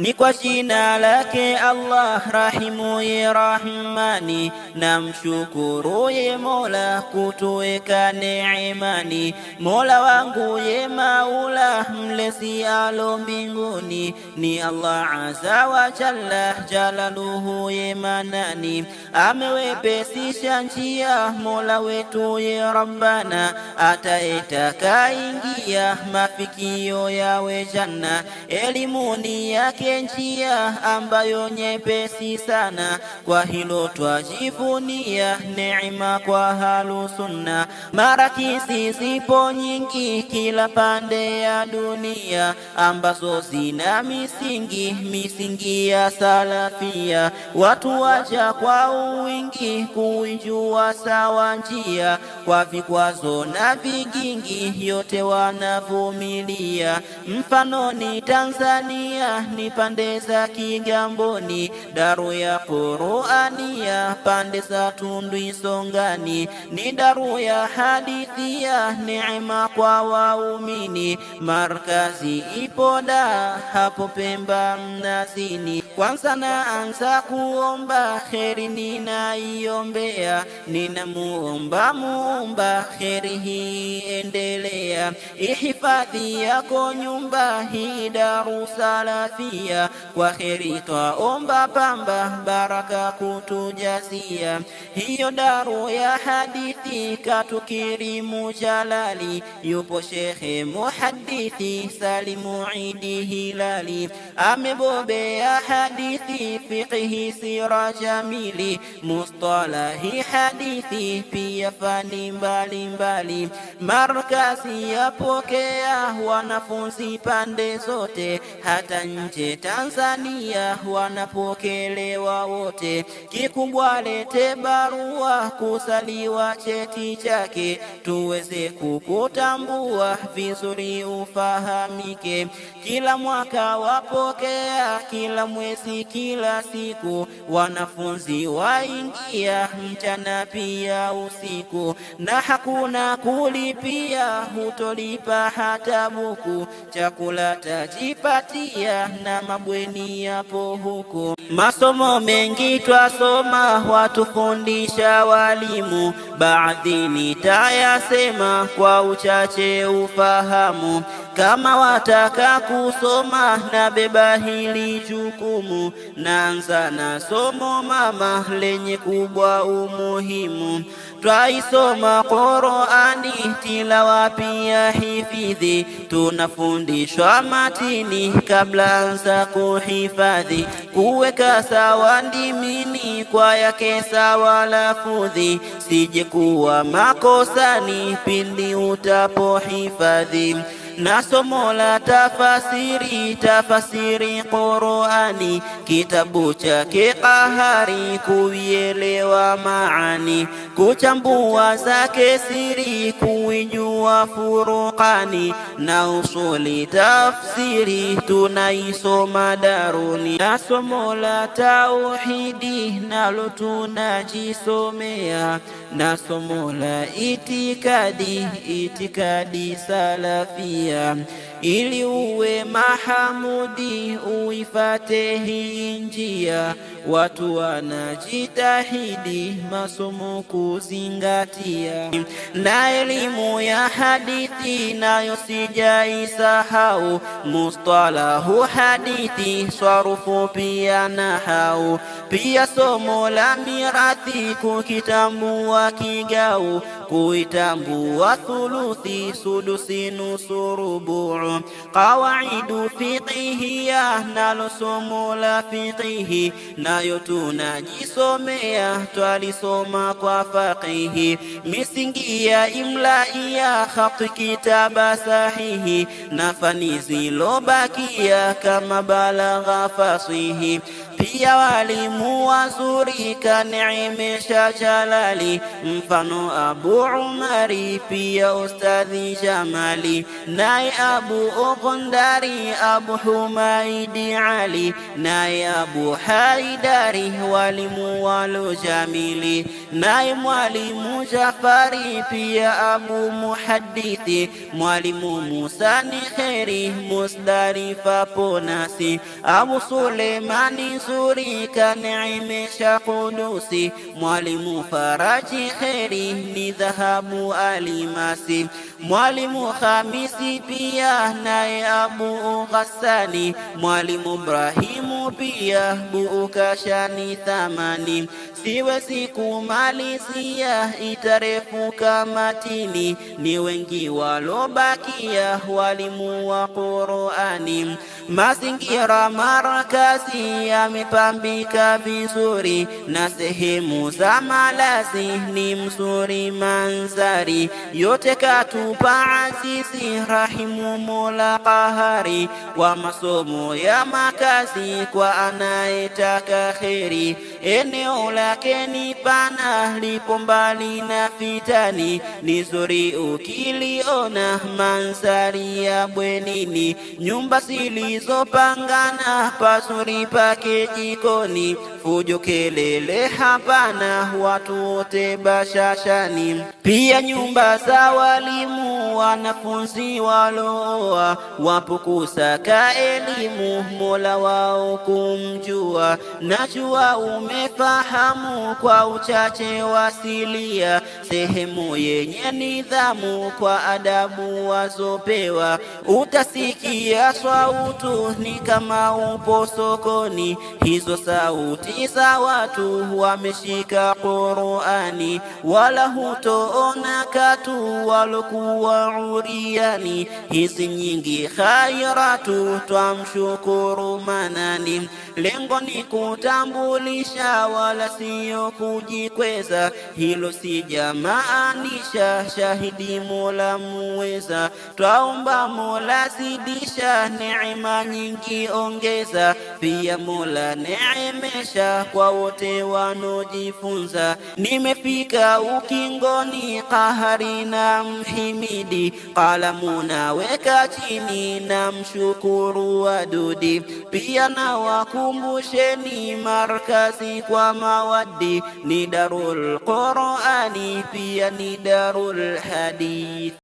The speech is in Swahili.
نكوشينا لك الله رحمه رحماني na mshukuru ye Mola kutuweka neemani. Mola wangu ye Maula mlezi alo mbinguni ni Allah azza wa jalla jalaluhu ye Manani, amewepesisha njia Mola wetu ye Rabbana, ataitaka ingia mafikio yawe janna. Elimu ni yake njia ambayo nyepesi sana, kwa hilo twajibu kujivunia neema kwa halusunna, maraki sipo nyingi kila pande ya dunia, ambazo zina misingi misingi ya salafia, watu waja kwa uwingi kuijua sawa njia, kwa vikwazo na vigingi yote wanavumilia, mfano ni Tanzania ni pande za Kigamboni, daru ya Qur'ania pande za Tundu Isongani ni daru ya hadithi ya neema kwa waumini, markazi ipo da hapo Pemba mnazini kwanza naanza kuomba heri, ninaiombea ninamuomba Muumba heri hii endelea, ihifadhi yako nyumba hii daru salafia kwa heri twaomba pamba, baraka kutujazia hiyo daru ya hadithi, katukirimu jalali, yupo shekhe muhadithi Salimu Idi Hilali amebobea hadithi, fiqhi, sira jamili, mustalahi hadithi, pia fani mbalimbali. Markazi yapokea wanafunzi pande zote, hata nje Tanzania wanapokelewa wote. Kikubwa lete barua, kusaliwa cheti chake, tuweze kukutambua vizuri, ufahamike. Kila mwaka wapokea, kila mwe kesi kila siku, wanafunzi waingia mchana pia usiku, na hakuna kulipia, hutolipa hata buku, chakula tajipatia na mabweni yapo huku. Masomo mengi twasoma, watufundisha walimu, baadhi nitayasema kwa uchache ufahamu kama wataka kusoma na beba hili jukumu, naanza na somo mama lenye kubwa umuhimu. Twaisoma Qur'ani tilawa pia hifidhi, tunafundishwa matini kabla anza kuhifadhi, kuweka sawa ndimini kwa yake sawa lafudhi, sije kuwa makosani pindi utapohifadhi na somo la tafasiri, tafasiri Qurani, kitabu cha kikahari, kuielewa maani, kuchambua zake siri, kuijua furukani, na usuli tafsiri, tunaisoma daruni, na somo la tauhidi, nalo tunajisomea na somo la itikadi, itikadi salafia, ili uwe mahamudi uifate hii njia. Watu wanajitahidi masomo kuzingatia na elimu ya hadithi hadithi nayo sijaisahau, mustalahu hadithi, swarufu pia nahau, pia somo la mirathi kukitambua kigau, kuitambua thuluthi, sudusi, nusu, rubuu, qawaidu fiqhia, nalo somo la fiqhi nayo tunajisomea, twalisoma kwa faqihi, misingi ya imlaia khatiki kitaba sahihi na fani zilobakia kama balagha fasihi Pia walimu wazuri kaniimesha Jalali, mfano Abu Umari, pia Ustadhi Jamali, naye Abu Ukundari, Abu Humaidi Ali, naye Abu Haidari, walimu walojamili, naye mwalimu Jafari, pia Abu Muhadithi, mwalimu Musa ni kheri, Musdalifa Ponasi, Abu Sulemani mazuri kaneemesha kudusi, mwalimu faraji kheri ni dhahabu alimasi, mwalimu khamisi pia naye abu Ghassani, mwalimu Ibrahimu pia buukashani thamani siwezi kumalizia itarefu kamatini, ni wengi walobakia walimu wa Qur'ani. Mazingira marakazi yamepambika vizuri, na sehemu za malazi ni mzuri manzari. Yote katupa azizi rahimu mola kahari, wa masomo ya makazi kwa anayetaka kheri. Eneo lake ni pana, lipo mbali na fitani, ni zuri ukiliona manzari ya bwenini. Nyumba zili zilizopangana pazuri pake jikoni, fujo kelele hapana, watu wote bashashani. Pia nyumba za walimu, wanafunzi walooa wapo kusaka elimu, Mola wao kumjua. Najua umefahamu kwa uchache wasilia sehemu yenye nidhamu, kwa adabu wazopewa. Utasikia swautu ni kama upo sokoni, hizo sauti za watu wameshika Qur'ani, wala hutoona katu walokuwa uriani. Hizi nyingi khairatu, twamshukuru Manani. Lengo ni kutambulisha, wala siyo kujikweza, hilo sija maanisha shahidi Mola muweza, twaomba Mola zidisha, neema nyingi ongeza, pia Mola neemesha kwa wote wanojifunza. Nimefika ukingoni, kahari na mhimidi, kalamu naweka chini, na mshukuru wadudi, pia na wakumbusheni markazi kwa mawadi ni Darul Qurani في دار الحديث